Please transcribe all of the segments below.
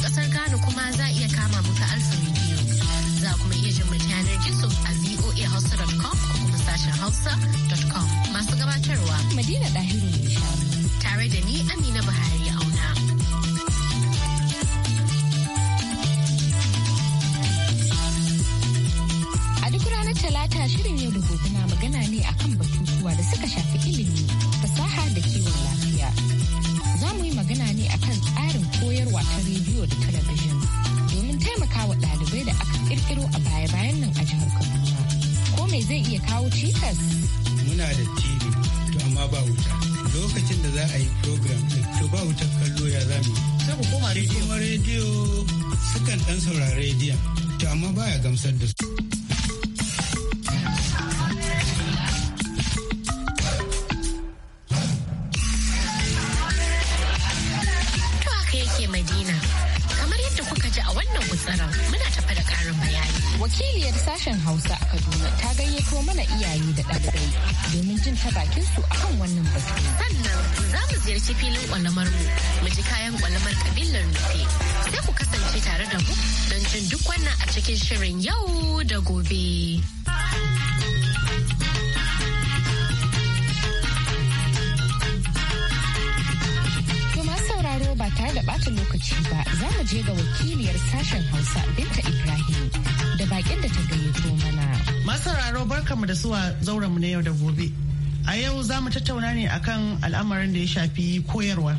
kasar Ghana kuma za a iya kama mu Alfa Radio. Za kuma iya jin ta yanar gizo a Hausa.com ko kuma sashen hausa.com. Masu gabatarwa Madina Dahiru Tare da ni Amina Buhari auna. A duk ranar Talata shirin yau da gobe na magana ne akan batutuwa da suka shafi ilimi. rediyo da talabijin domin wa ɗalibai da aka kirkiro a baya-bayan nan a jihar Kaduna. Ko me zai iya kawo cikas? Muna da TV to amma ba wuta. Lokacin da za a yi program to ba wuta kallo ya zami. Sai ku koma rediyo. Kuma sukan ɗan saurari rediyon to amma ba ya gamsar da su. tsaron. Muna tafa da ƙarin bayani. Wakiliyar sashen Hausa a Kaduna ta gayyato mana iyaye da ɗalibai domin jin ta bakin su akan wannan batu. Sannan za mu ziyarci filin kwalamar mu mu ji kayan kwalamar kabilar rufe Sai ku kasance tare da mu don jin duk wannan a cikin shirin yau da gobe. lokaci ba za mu je ga wakiliyar sashen Hausa Binta Ibrahim da bakin da ta gayyato mana. Masararo barkamu da suwa zauren mu na yau da gobe. A yau za mu tattauna ne akan al'amarin da ya shafi koyarwa.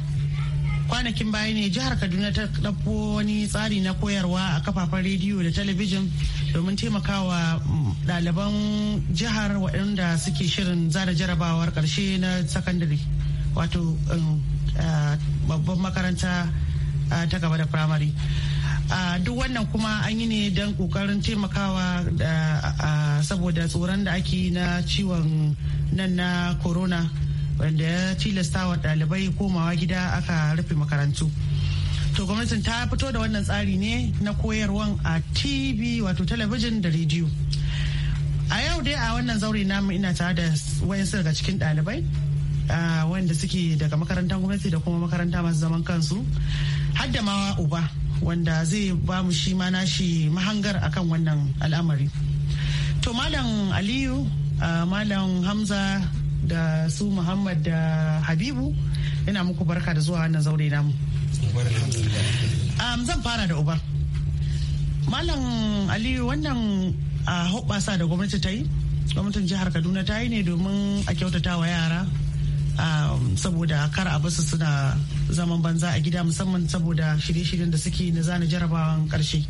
Kwanakin baya ne jihar Kaduna ta ɗauko wani tsari na koyarwa a kafafen rediyo da talabijin domin taimakawa mm, ɗaliban jihar waɗanda suke shirin zara jarabawar ƙarshe na sakandare wato um, uh, babban makaranta ta gaba da firamare duk wannan kuma an yi ne don kokarin taimakawa saboda tsoron da ake na ciwon nan na corona wanda ya tilasta wa ɗalibai komawa gida aka rufe makarantu to gwamnatin ta fito da wannan tsari ne na koyarwan a tv wato talabijin da rediyo a yau dai a wannan zaure namu ina tare da wayansu daga cikin dalibai wanda suke daga makarantar gwamnati da kuma makaranta masu zaman kansu hadda uba wanda zai ba mu shi ma nashi mahangar akan wannan al'amari to malam aliyu malam hamza da su muhammad da habibu ina muku barka da zuwa wannan zaure namu um, zan fara da uba malam aliyu wannan a hoɓasa da gwamnati ta yi gwamnatin jihar kaduna ta yi ne domin a kyautata wa yara saboda kar a basu suna zaman banza a gida musamman saboda shirye-shiryen da suke na zana jarabawan karshe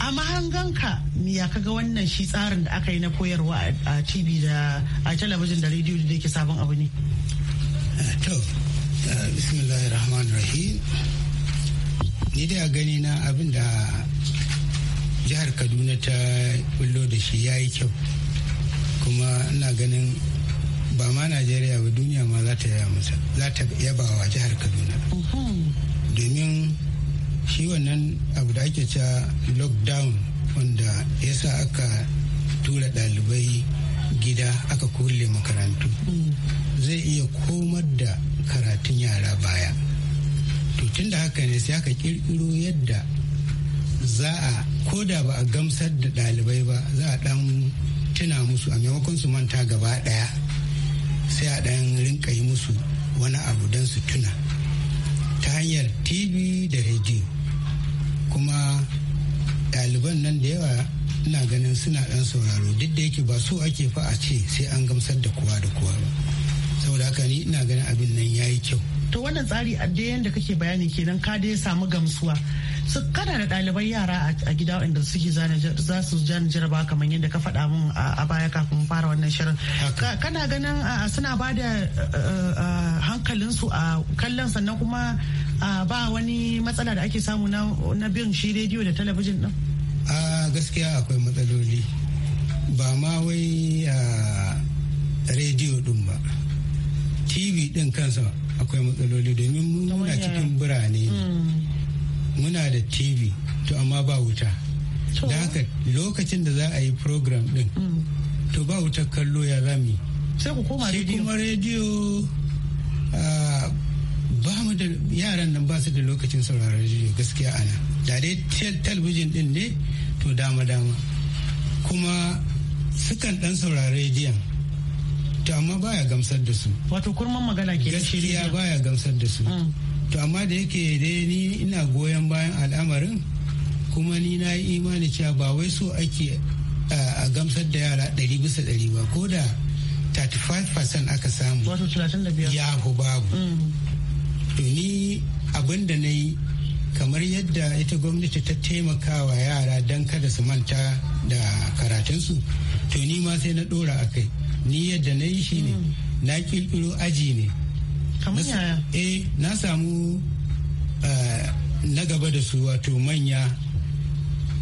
a mahanganka ya kaga wannan shi tsarin da aka yi na koyarwa a tv da a talabijin da rediyo da yake sabon abu ne eh, eh, rahim ni da gani na abin da jihar kaduna ta bullo da shi ya yi kyau kuma ina ganin ba ma najeriya ba duniya ma za ta yaba wa jihar kaduna domin shi wannan abu da ake cewa lockdown wanda ya sa aka tura ɗalibai gida aka kulle makarantu zai iya komar da karatun yara baya to tun da haka ne sai aka kirkiro yadda za a koda ba a gamsar da ɗalibai ba za a ɗan tuna musu a maimakon su manta gaba ɗaya sai a ɗan rinka yi musu wani abu don su tuna ta hanyar tv da rediyo kuma ɗaliban nan da yawa ina ganin suna ɗan sauraro duk da yake ba so ake fa a ce sai an gamsar da kowa da kowa ba saboda haka ni ina ganin abin nan ya yi kyau to wannan tsari a dai yadda kake bayani kenan ka dai samu gamsuwa su kana da ɗalibai yara a gida inda suke za su jan jaraba kamar yadda ka faɗa mun a baya kafin fara wannan shirin kana ganin suna ba da hankalinsu a kallon sannan kuma ba wani matsala da ake samu na bin shi rediyo da talabijin din a gaskiya akwai matsaloli ba ma wai rediyo din ba tv din kansa akwai matsaloli domin muna cikin birane mm. muna da tv to amma ba wuta da haka lokacin da za a yi program din mm. to ba wutar kallo ya zami sai ku koma rediyo kuma rediyo ba mu da yaran nan ba su da lokacin sauraron rediyo gaskiya ana da dai talabijin din ne to dama dama kuma sukan dan saurari rediyon to amma baya gamsar da su wato kurman magana ke gaskiya baya gamsar da su mm. to amma da yake dai ni ina goyon bayan al'amarin kuma ni na yi imani cewa ba wai so ake a gamsar da yara ɗari bisa ɗari ba ko da 35% aka samu Wato ya hu babu mm. to ni abin da na yi kamar yadda ita gwamnati ta taimakawa yara don kada su manta da karatunsu to ni ma sai na ɗora a kai ni yadda na yi shi ne hmm. na kirkiro aji ne eh na samu eh, na gaba da su wato manya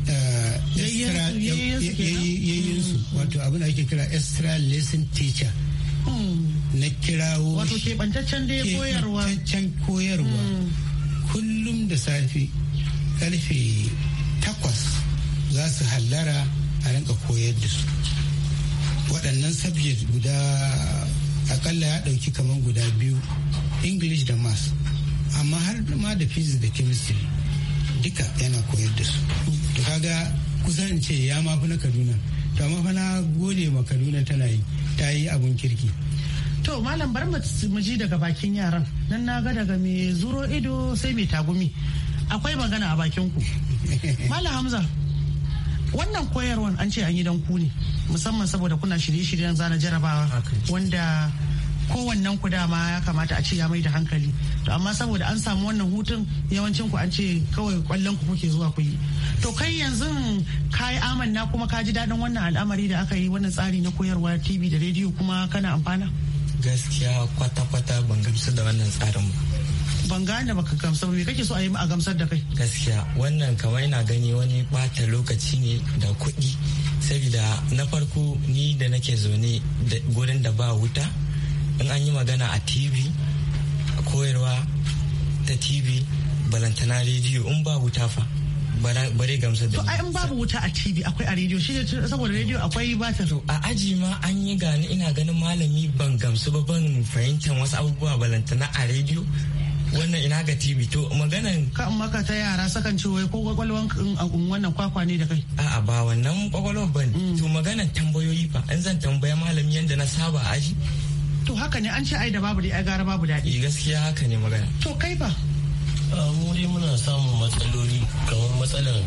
eh, yayyinsu hmm. wato abin ake kira extra lesson teacher hmm. na kirawo wato keɓantaccen da ya koyarwa keɓantaccen koyarwa kullum da safe karfe takwas za su hallara a rinka koyar da su waɗannan subject guda akalla ya ɗauki kamar guda biyu english da math amma har ma da physics da chemistry duka yana koyar da su to kaga kusan ce ya mafi na kaduna to amma fa na gode ma kaduna tana yi ta yi abun kirki to malam bar mu ji daga bakin yaran nan na ga daga mai zuro ido sai mai tagumi akwai magana a bakin ku malam hamza wannan koyarwan an ce an yi dan ku ne musamman saboda kuna shirye-shiryen zana jarabawa wanda kowannen ku dama ya kamata a ce ya mai da hankali to amma saboda an samu wannan hutun yawancin ku an ce kawai kwallon ku kuke zuwa ku yi to kai yanzu ka yi amanna kuma ka ji daɗin wannan al'amari da aka yi wannan tsari na koyarwa tv da rediyo kuma kana amfana gaskiya kwata-kwata ban gamsu da wannan tsarin ba ban gane baka gamsar ba me kake so a yi a gamsar da kai gaskiya wannan kamar ina gani wani bata lokaci ne da kuɗi saboda na farko ni da nake zaune gurin da ba wuta in an yi magana a tv koyarwa ta tv balantana rediyo in ba wuta fa bare gamsa da ai in babu wuta a tv akwai a rediyo shi ne saboda rediyo akwai batir a aji ma an yi gani ina ganin malami ban gamsu ba ban fahimtar wasu abubuwa balantana a rediyo wannan ina ga TV to maganan ka in maka ta yara sakan ce wai ko kwakwalwan wannan kwakwa ne da kai a'a ba wannan kwakwalwan bane mm. to maganan tambayoyi fa an zan tambaya malami yanda na saba aji to haka ne an ce ai da babu da ai gara babu daɗi eh, gaskiya haka ne magana to kai fa ah, mu dai muna samun matsaloli kamar matsalar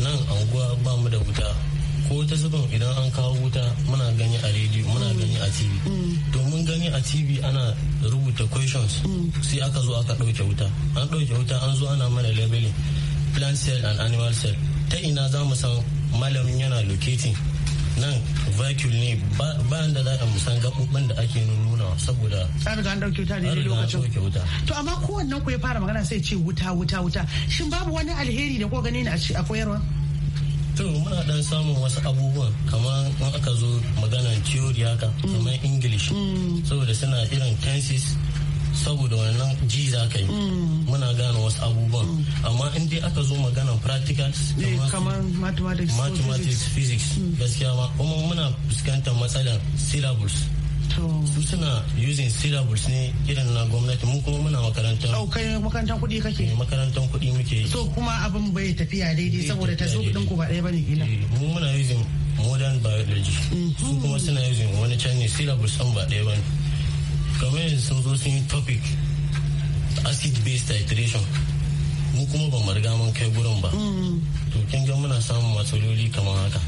nan anguwa ba mu da wuta ko ta zuban idan an kawo wuta muna gani a rediyo muna mm. gani a tv domin mm. gani a tv ana rubuta questions mm. sai aka zo aka ɗauke wuta an ɗauke wuta an zo ana mana labeling plant cell and animal cell ta ina za mu san malamin yana locating nan vacuum ne ba da za a musan gabobin da ake nuna saboda an riga an ɗauke wuta ne lokacin to amma kowannen ku ya fara magana sai ce wuta wuta wuta shin babu wani alheri da ko gani ne a koyarwa to muna dan samun wasu abubuwan kamar in aka zo magana theory haka kamar english mm. saboda suna irin tenses saboda wannan ji za ka yi mm. muna gane wasu abubuwan mm. amma in dai aka zo magana practicals eh, kamar mathematics physics gaskiya ba kuma muna fuskantar matsalar syllables su suna using syllabus ne irin na gwamnati mun kuma muna makaranta. oh kai makarantar kuɗi kake eh, makarantar kuɗi muke so kuma abin bai tafiya daidai saboda ta zo ku ba ɗaya bane kila eh, Mun muna using modern biology Sun mhm. kuma suna using wani canji syllabus sun ba ɗaya bane kamar yanzu sun zo sun yi topic acid based titration Mun kuma ba mu riga mun kai gurin ba mhm. to kin ga muna samun matsaloli kamar haka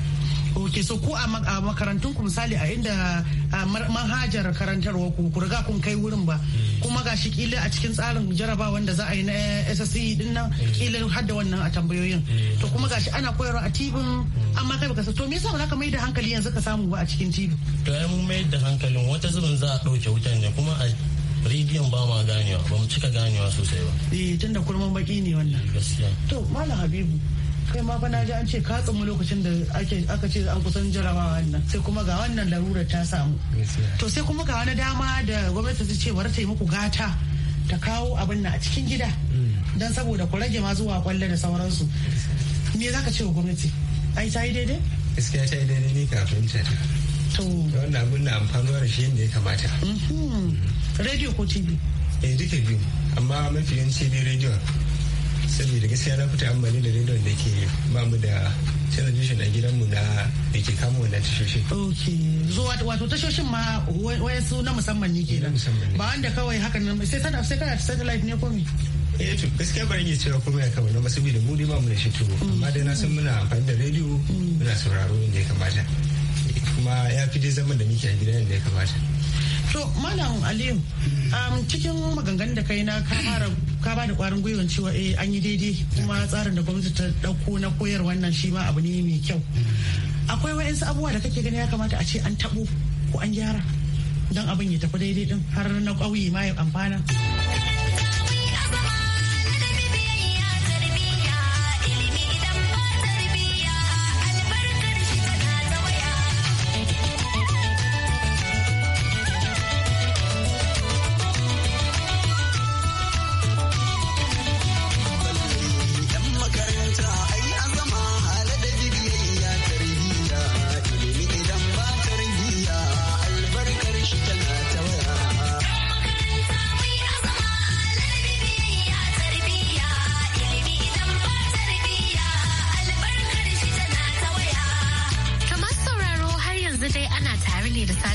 ok so ku a makarantun ku misali a inda manhajar karantarwa ku ku riga kun kai wurin ba kuma ga shi kila a cikin tsarin jarabawan da za a yi na SSC din nan kila har da wannan a tambayoyin to kuma ga shi ana koyarwa a tibin amma kai baka to me yasa ba za ka mai da hankali yanzu ka samu ba a cikin tibin to ai mun mai da hankalin wata zubin za a dauke wutan ne kuma a rediyon ba ma ganewa ba mu cika ganewa sosai ba eh tunda kurman baki ne wannan gaskiya to malam habibu kai ma fa na ji an ce ka tsamu lokacin da aka ce an kusan jarabawa wannan sai kuma ga wannan larurar ta samu to sai kuma ga wani dama da gwamnati ta ce bari ta yi muku gata ta kawo abin nan a cikin gida mm. don saboda ku rage ma zuwa kwalle da sauransu me za ka ce wa gwamnati ai ta yi daidai gaskiya ta yi daidai ne kafin ta to wannan abin na amfanuwa da shi ne ya kamata mhm. mm. radio ko tv eh duka biyu amma mafi yawanci ne radio saboda gaskiya na fita amfani da rediyon da ke bamu da telebishin a gidanmu na da ke kama wannan tashoshin. ok so wato tashoshin ma wayansu na musamman ne nan. ba wanda kawai haka nan sai kana sai kana satellite ne ko me eh to gaskiya ban iya cewa komai akan wannan ba saboda mu dai ba mu da shi to mm. amma dai na san muna amfani da rediyo mm. muna sauraro inda ya kamata kuma ya fi dai zaman da muke a gidan da ya kamata to malam aliyu um, cikin maganganun da kai na kamara ka ba da kwarin gwiwan cewa eh an yi daidai kuma tsarin da gwamnati ta dauko na koyar wannan shi ma abu ne mai kyau akwai wa'insu abubuwa da kake gani ya kamata a ce an tabo ko an gyara don abin ya tafi daidai din har na ƙauye ma ya amfana.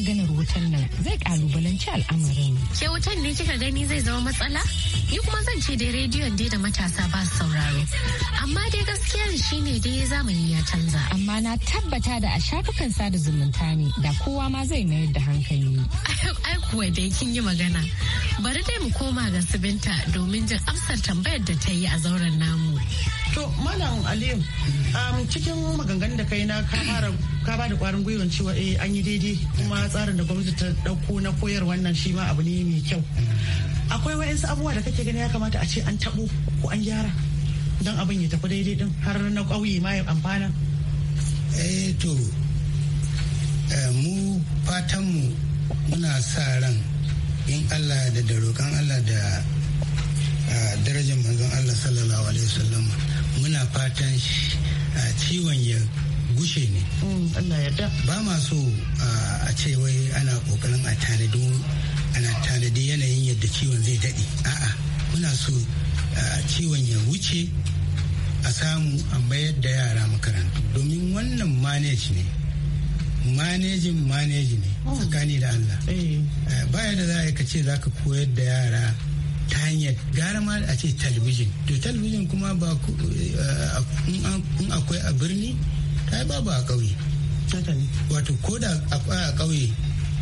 maganar wutan nan zai kalubalanci al'amarin. Ke wutan ne kika gani zai zama matsala? Ni kuma zan ce dai rediyon dai da matasa ba su sauraro. Amma dai gaskiyar ne dai zamani ya canza. Amma na tabbata da a shafukan sada zumunta ne da kowa ma zai mayar da hankali. Ai kuwa dai kin yi magana. Bari dai mu koma ga Binta domin jin amsar tambayar da ta yi a zauren namu. To Malam Aliyu, um, cikin maganganun da kai na ka ba da kwarin gwiwan cewa eh an yi daidai kuma tsarin da gwamnati ta dauko na koyar wannan shi ma abu ne mai kyau. Akwai wa'insu abubuwa da kake gani ya kamata a ce an tabo ko an gyara don abin ya tafi daidai din har na ƙauye ma ya amfana. Eh to eh, mu fatanmu muna sa ran in Allah da da roƙon Allah da ah, darajar manzon Allah sallallahu alaihi wasallam muna fatan ciwon ya gushe ne mm, ba ma so a ce wai ana kokarin a tanadi ana tanadi yanayin yadda ciwon zai daɗe a'a muna so ciwon ya wuce a samu a mayar da yara makarantu domin wannan manage ne manejin maneji ne mm. tsakani da Allah eh. eh, baya da za a ce za ka koyar da yara ta hanyar gara ma a ce talibijin to talibijin kuma ba eh, in akwai a birni Ta yi babu a ƙauye wato ko da akwai a ƙauye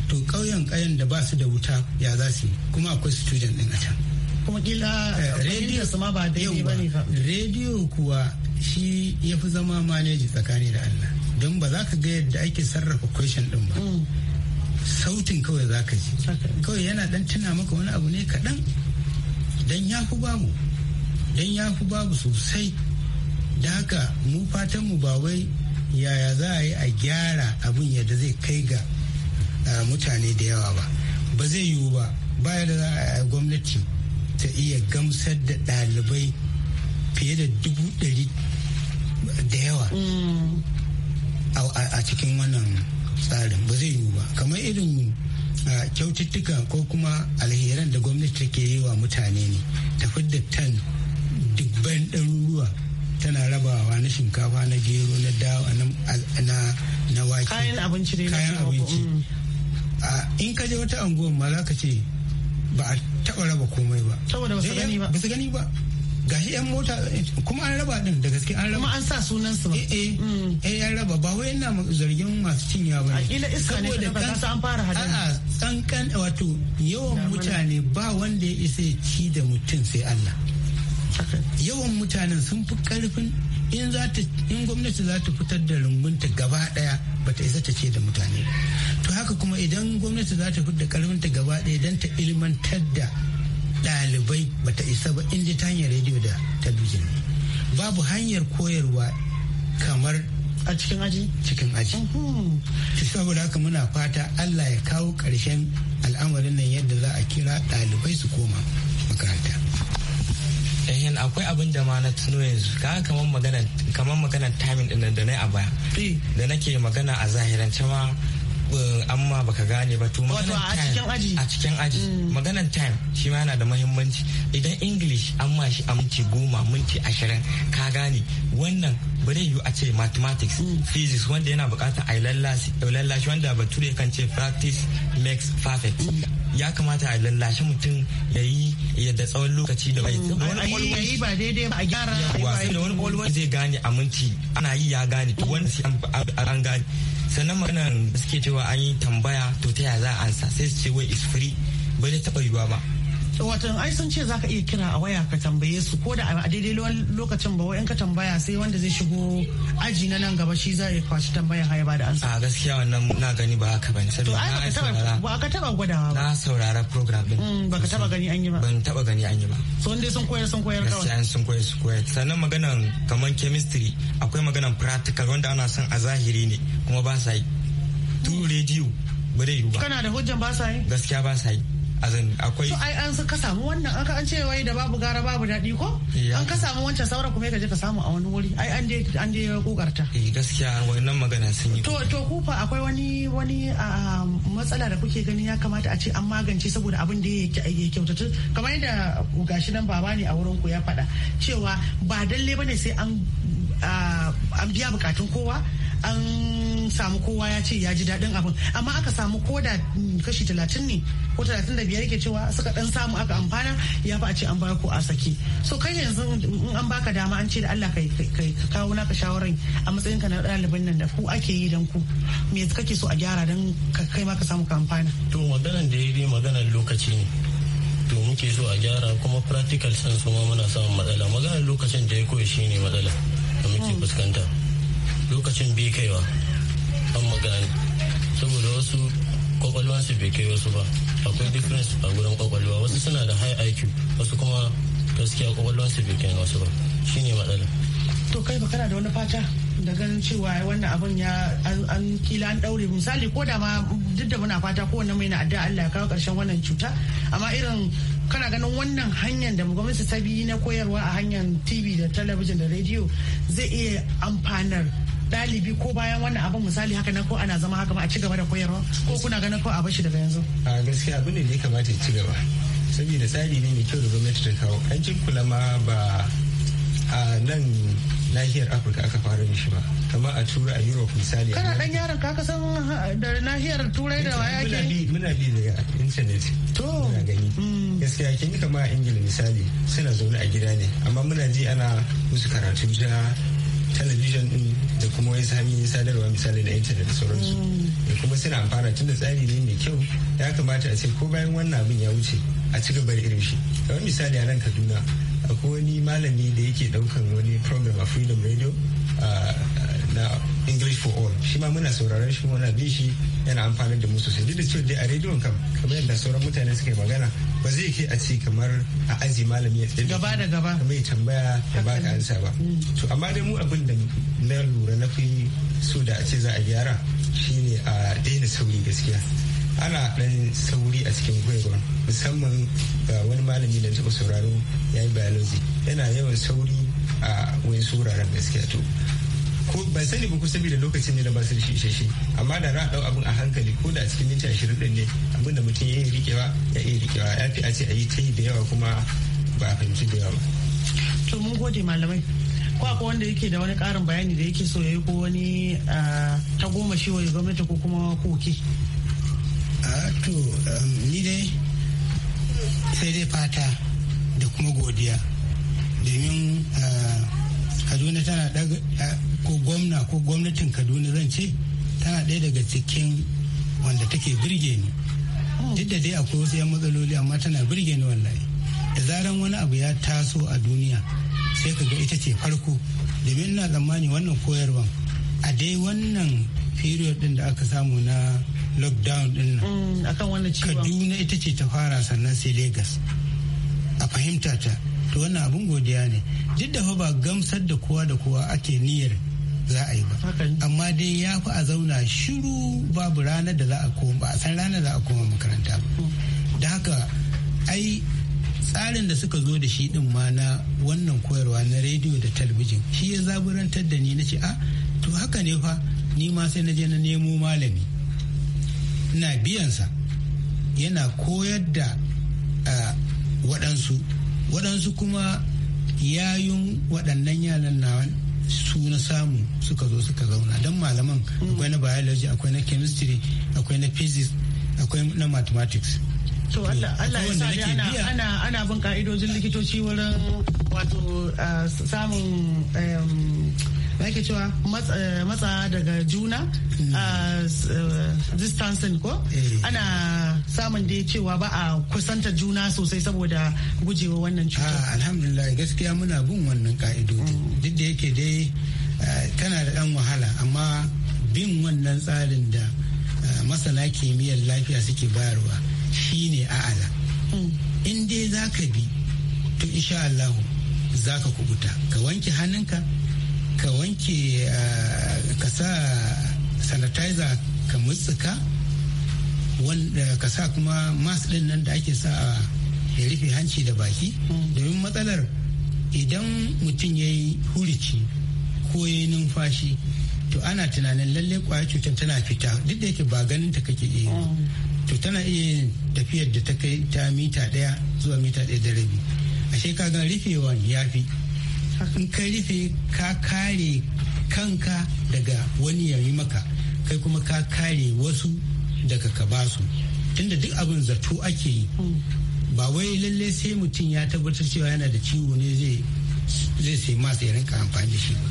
to ƙauyen ƙayan da ba su da wuta ya za su kuma akwai student din a can kuma kila eh, rediyo su ma ba daidai ba ne fa rediyo kuwa shi ya fi zama maneji tsakani da Allah don ba za ka ga yadda ake sarrafa question din ba mm. sautin kawai za ka ji kawai yana dan tuna maka wani abu ne kaɗan don ya fi babu dan ya fi babu sosai da haka mu fatanmu ba wai yaya za a yi a gyara abin yadda zai kai ga mutane da yawa ba ba zai yiwu ba baya da za a gwamnati ta iya gamsar da ɗalibai fiye da dubu ɗari da yawa mm. a cikin wannan tsarin ba zai yiwu ba kamar irin kyaututtukan ko kuma alheran da gwamnati take yi wa mutane ne ta fidda tan dubban ɗaruruwa tana rabawa na shinkafa na gero na dawa na wake kayan abinci kayan abinci mm. in ka je wata anguwan ma za ka ce ba a taɓa raba komai ba saboda ba su gani ba gashi yan mota kuma an raba din da gaske an raba kuma an sa sunan su eh eh, hmm. eh an raba ba wai ina zargin masu cinya ba akila iska ne da sa an fara hadari a'a tsankan wato yawan mutane ba wanda ya isa ya ci da mutum sai Allah yawan mutanen sun fi karfin in za ta in gwamnati za ta fitar da rungunta gaba daya bata isa ta ce da mutane to haka kuma idan gwamnati za ta fitar da ta gaba daya don ta ilmantar da ɗalibai bata isa ba inda ta hanyar rediyo da talabijin babu hanyar koyarwa kamar a cikin aji cikin aji saboda haka muna fata allah ya kawo ƙarshen al'amarin nan yadda za a kira ɗalibai su koma makaranta yan akwai abin da ma na tuno yanzu ka kamar maganar timing ɗin da na a baya eh. da nake magana a zahirance ma amma baka gane ba to wato a cikin aji a cikin aji mm. maganan time shi ma yana da muhimmanci idan english amma shi a minti goma minti ashirin ka gane wannan ba zai yiwu a ce mathematics mm. physics wanda yana bukatar a lallashi wanda bature kan ce practice makes perfect mm. ya kamata a lallashi mutum ya yi yadda tsawon lokaci da bai wani ba daidai ba a gyara wani zai gane a minti ana yi ya gane to wani an gane sannan da suke cewa an yi tambaya to ta yaya za a ansa sai su ce wai is free bai da taba yiwuwa ba watan ai sun ce zaka iya kira a waya ka tambaye su ko da a daidai lokacin ba wai ka tambaya sai wanda zai shigo aji na nan gaba shi zai kwashi tambayan haya ba da ansa a gaskiya wannan na gani ba haka ban sabi na ba ka taba gwadawa ba na saurara program din mm, ba ka taba gani an yi ba ban taba gani an yi ba so inde sun koyar sun koyar kawai gaskiya sun koyar sun koyar sannan maganan kaman chemistry akwai maganan practical wanda ana son a zahiri ne kuma ba sa yi tu mm. radio ba ba kana da hujjan ba sa yi gaskiya ba sa yi azin akwai to ai an ka samu wannan an an ce wai da babu gara babu daɗi ko eh, an ka samu wancan saura kuma ka je ka samu a wani wuri ai an dai an dai kokarta eh gaskiya wannan magana sun yi to to kufa akwai wani wani matsala da kuke gani ya kamata a ce an magance saboda abin da ya kyautatu kamar yadda gashi nan baba ne a wurin ku ya faɗa cewa ba dalle bane sai an biya bukatun kowa an samu kowa ya ce ya ji daɗin abin amma aka samu ko da mm, kashi talatin ne ko talatin da biyar ke cewa suka ɗan samu aka amfana ya fi a ce an bar a saki so kai yanzu in an baka dama an ce da Allah ka kawo naka shawarar a matsayin ka na ɗaliban nan da ku ake yi dan ku me kake so a gyara dan kai ma ka samu ka amfana to maganar da ya maganar lokaci ne to muke so a gyara kuma practical sense kuma muna samun matsala maganar lokacin da ya koyi shine matsala da muke hmm. fuskanta lokacin bi kaiwa an magani saboda wasu su bai kai wasu ba akwai difference a gurin kwakwalwa wasu suna da high iq wasu kuma gaskiya su bai kai wasu ba shine matsala to kai kana da wani fata da ganin cewa wannan abun ya an kila an daure misali ko da ma duk da muna fata ko wani mai na addu'a Allah ya kawo karshen wannan cuta amma irin kana ganin wannan hanyar da gwamnati ta bi na koyarwa a hanyar TV da talabijin da rediyo zai iya amfanar dalibi ko bayan wannan abin misali haka na ko ana zama haka ba a ci gaba da koyarwa ko kuna ganin ko a bashi daga yanzu a gaskiya abin da ya kamata ya ci gaba saboda tsari ne mai kyau da gwamnati ta kawo an ci kula ma ba a nan nahiyar afirka aka fara da shi ba kamar a tura a europe misali kana dan yaron ka san da nahiyar turai da waya ke muna bi daga internet to muna gani hmm. gaskiya kin kamar a ingila misali suna zaune a gida ne amma muna ji ana musu karatu da talabijin din da kuma wai sami sadarwa misali na intanet sauransu da kuma suna amfana tun da tsari ne mai kyau ya kamata a ce ko bayan wannan abin ya wuce a ci gaba da irin shi kamar misali a nan kaduna akwai wani malami da yake daukan wani program a freedom radio na english for all shi ma muna sauraron shi muna bi shi yana amfani da mu sosai duk da cewa a rediyon kam kamar yadda sauran mutane suka magana ba zai ke a ci kamar a aji malami ya tsaye gaba da gaba kamar ya tambaya ya ba ka ansa ba mm. to amma dai mu abin da na lura na fi so da a ce za a gyara shine a daina sauri gaskiya ana dan sauri a cikin koyarwa musamman ga wani malami da taɓa sauraro ya yi biology yana yawan sauri a wani sauraron gaskiya to ko ban sani ba ko saboda lokacin ne da ba su da shi amma da ra'a dau abin a hankali ko da cikin minti ashirin din ne abin da mutum ya yi rikewa ya iya rikewa ya fi a ce a yi ta yi da yawa kuma ba a fahimci da yawa. to mun gode malamai ko akwai wanda yake da wani karin bayani da yake so ya yi ko wani ah, ta goma shi wa gwamnati ko kuma koke. a to um, ni dai sai dai fata da kuma godiya domin ah, kaduna tana ah, ko gwamna ko gwamnatin kaduna zan ce tana ɗaya daga cikin wanda take birge ni duk da dai akwai wasu 'yan matsaloli amma tana birge ni wallahi da zaran wani abu ya taso a duniya sai ka ga ita ce farko domin ina tsammani wannan koyarwa a dai wannan period din da aka samu na lockdown din nan mm, kaduna ita ce ta fara sannan sai lagos a fahimta ta to wannan abun godiya ne duk da fa ba gamsar da kowa da kowa ake niyyar za a yi ba amma dai ya fi a zauna shiru babu ranar da za a koma ba a san ranar za a koma makaranta ba da haka ai tsarin da suka zo da shi din ma na wannan koyarwa na rediyo da talabijin shi ya zaburantar da ni na ce a ah, to haka ne fa ni ma sai na je na nemo malami ina biyansa yana koyar da waɗansu waɗansu kuma yayun waɗannan yaran nawan su na samu suka zo suka zauna don malaman akwai na biology akwai na chemistry akwai na physics akwai na mathematics to Allah ya sa ana ana bin ka'idojin likitoci wurin wato ah, samun ake cewa matsa daga juna hmm. eh, distancing ko eh. ana samun da cewa ba a kusanta juna sosai saboda gujewa wannan cuta ah, alhamdulillah gaskiya muna bin wannan ka'idodi hmm. duk da yake dai eh, tana da dan wahala amma bin wannan tsarin da masana kimiyyar lafiya suke bayarwa shine a'ala hmm. in dai za ka bi to insha Allah za ka kubuta ka wanke hannunka ka wanke eh, ka sa sanitizer ka mutsuka wanda ka sa kuma mas din nan da ake sa ya rufe hanci da baki mm. domin matsalar idan mutum ya yi hurici ko ya yi numfashi to ana tunanin lallai kwaya cutar tana fita duk da yake ba ganin ta kake iya mm. to tana iya yin tafiyar da ta kai ta mita daya zuwa mita daya da rabi ashe ka ga rufewan ya fi in ka rufe ka kare kanka daga wani ya yi maka kai kuma ka kare wasu daga ka basu tunda duk abin zato ake yi ba wai lalle sai mutum ya tabbatar cewa yana da ciwo ne zai sai masa ya rinka amfani da shi ba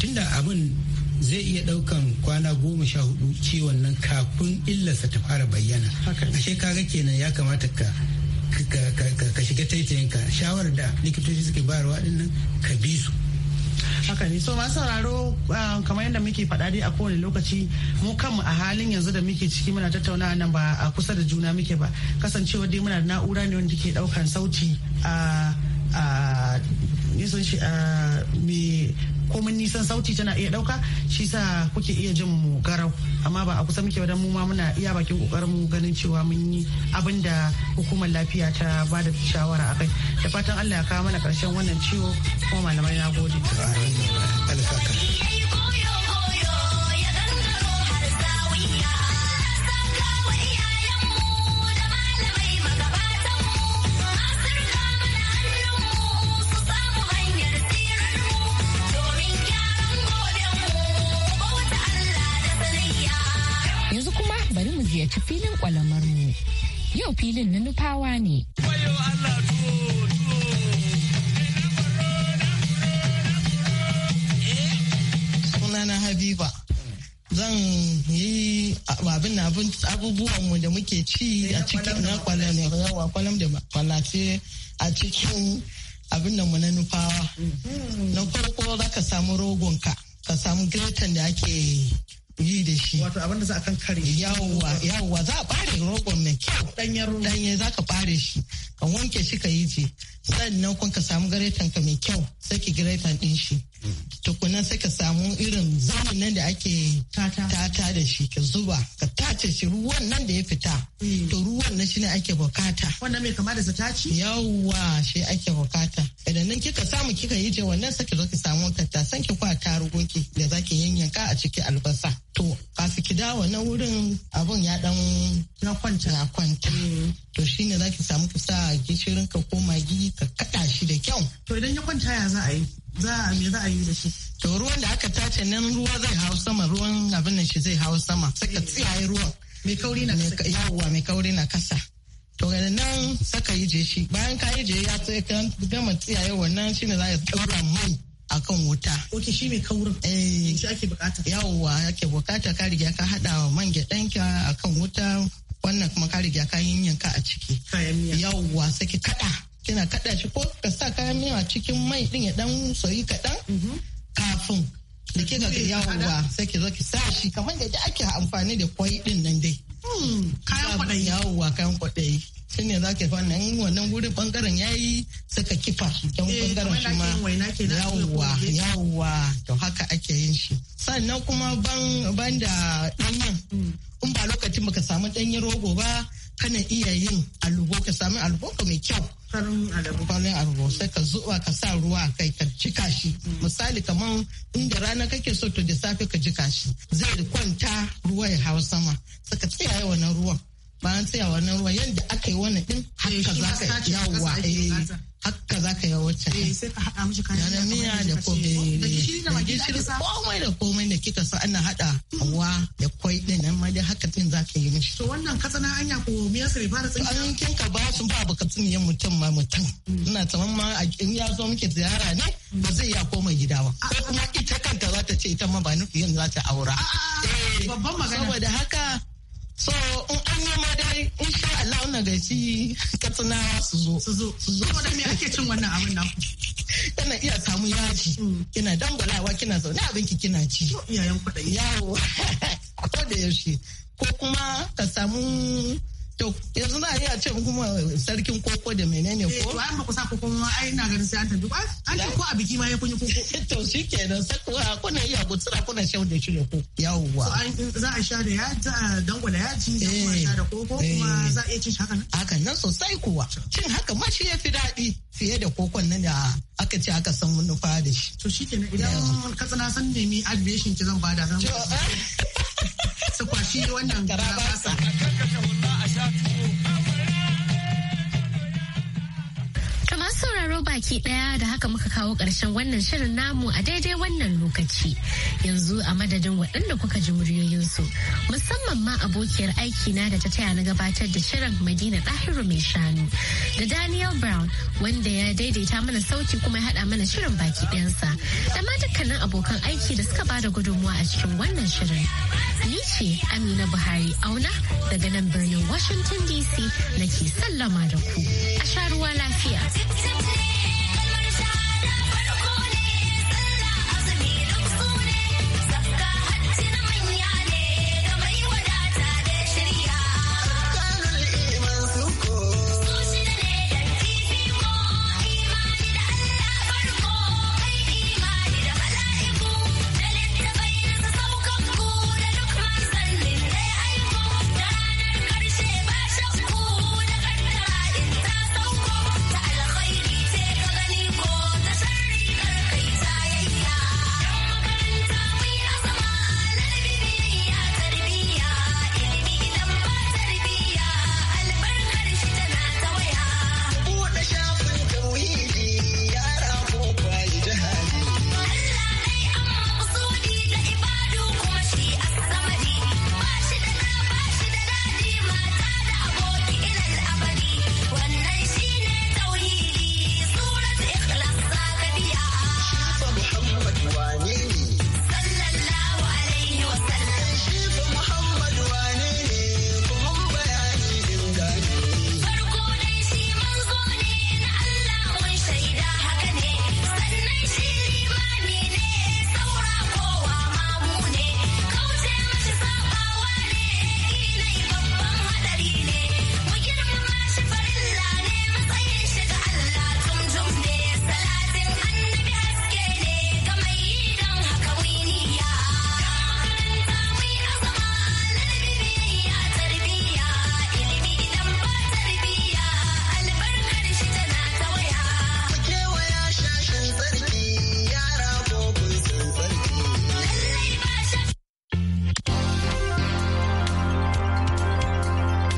tunda abin zai iya daukan kwana goma sha hudu ciwon nan kafin illarsa ta fara bayyana ashe shekara kenan ya kamata ka ka shiga taitayinka shawarar da likitoci suke bayarwa dinnan ka bi su haka ne so ma sauraro ah, kamar yadda muke faɗa dai a kowane lokaci mu kanmu a halin yanzu da muke ciki muna tattauna nan ba a kusa da juna muke ba kasancewa dai muna da na'ura ne wanda ke ɗaukan sauti a ah, ah, nisan shi a komin nisan sauti tana iya dauka shi sa kuke iya jin mu garau amma ba a kusa muke wadan mu ma muna iya bakin kokarin mu ganin cewa mun yi abin da hukumar lafiya ta ba da shawara akai da fatan Allah ya kawo mana karshen wannan ciwo kuma malamai na gode. ci filin mu Yau filin na nufawa ne. Sunana Habiba. Zan yi abin abubuwanmu da muke ci a cikin na kwalam da kwalace a cikin abin da mu na nufawa. Na farko za ka samu rogonka. ka samu gretan da ake yi da shi wato abin da za a kan kare yawwa yawwa za a bare rogon mai kyau danyen rogo danye za ka bare shi ka wanke shi ka yi ce sannan kun ka samu garetan ka mai kyau sai ki garetan din shi tukunan sai ka samu irin zanin nan da ake tata da shi ka zuba ka tace shi ruwan nan da ya fita mm. to ruwan na shi ne ake bukata wannan mai kama da zataci yawwa shi ake bukata idan nan kika samu kika yi je wannan sai ki zo ki samu san ki kwa tarugunki da zaki yanyanka a ciki albasa to su ki dawo na wurin abun ya dan na kwanta Na kwanta mm. to shine zaki samu ki sa gishirin ka ko magi ka kada shi da kyau to idan ya kwanta ya za a yi za a me za a yi da shi to ruwan da aka tace nan ruwa zai hau sama ruwan abin shi zai hau sama saka tsiyaye ruwan mai kauri na kasa yawwa mai kauri na kasa to ga nan saka je shi bayan ka je ya tsaye ka gama tsiyaye wannan shi ne za ya daura mai akan wuta. Ok shi mai kaurin. Eh. Shi ake bukata. Yawwa ake bukata ka riga ka hada man gyaɗanka akan wuta wannan kuma ka riga ka yin yanka a ciki. Kayan miya. Yawwa sai ki kaɗa. kina kada shi ko ka sa kayan miya cikin mai din ya dan soyi kaɗan mhm. kafin da ke ga yawowa sai ki zo ki sa shi kamar yadda ake amfani da kwai din nan dai hmm, kayan kwaɗayi yawowa kayan kwaɗayi shi ne za ka nan wannan gurin bangaren yayi saka kifa don bangaren shi ma yawwa yawwa to haka ake yin shi sannan kuma ban da ɗanyen hmm. in ba lokacin baka samu ɗanyen rogo ba kana iya yin alubo ka sami alubo ka mai kyau farin alubo sai ka zuwa ka sa ruwa kai ka jika shi mm. misali kamar inda rana kake so to da safe ka jika shi zai kwanta ruwa ya hau sama saka tsaya na ruwan an tsaya wannan ruwa yadda aka yi wannan ɗin eh, haka za ka yawa eh, haka za ka yawa wacce yana miya da komai da eh, gishiri komai da komai da kika sa ana hada hawa da kwai ɗin nan ma dai haka tun za ka yi mishi to wannan katsana anya ko me yasa bai fara tsinka an kin ka ba sun ba bukatun yin mutum ma mutum mm. ina tsaman ma in ya zo muke ziyara ne ba zai iya koma gida ba mm. ko kuma ita kanta za ta ce ita ma ba nufi yin za ta aura ah, babban magana saboda haka So in an yi dai in sha Allah wannan gaci katsinawa su zo. Su zo. Su zo. Saboda me ake cin wannan abin nan? Kana iya samu yaji. Hmm. Kina dangwalawa kina zaune abinki kina ci. Iyayen kuɗi. Yawo. Ko da yaushe. Ko kuma ka samu To yanzu za a yi a ce kuma sarkin koko da menene ko? Eh, to an ba ku sa koko ma ai na ganin sai an tafi ba. An ce ko a biki ma ya kunyi koko. To shi kenan sakuwa kuna iya gutsura kuna shan da shi da koko. Yawwa. Za a sha da ya za a dangwa da yaji za a eh, sha da koko kuma eh. za a iya cin shi haka nan. Haka nan sosai kuwa. Cin haka ma shi ya fi daɗi fiye da kokon nan da aka ce aka san fa da shi. To shi kenan idan katsina san nemi admission ki zan bada zan. Sakwashi wannan sa. sauraro baki daya da haka muka kawo ƙarshen wannan shirin namu a daidai wannan lokaci. Yanzu a madadin waɗanda kuka ji muryoyinsu musamman ma abokiyar aiki na da ta taya na gabatar da shirin Madina ɗahiru mai shanu da Daniel Brown wanda ya daidaita mana sauki kuma ya haɗa mana shirin baki ɗayansa da ma dukkanin abokan aiki da suka bada gudunmuwa a cikin wannan shirin. Ni ce Amina Buhari auna daga nan birnin Washington DC nake ke sallama da ku. A sha ruwa lafiya.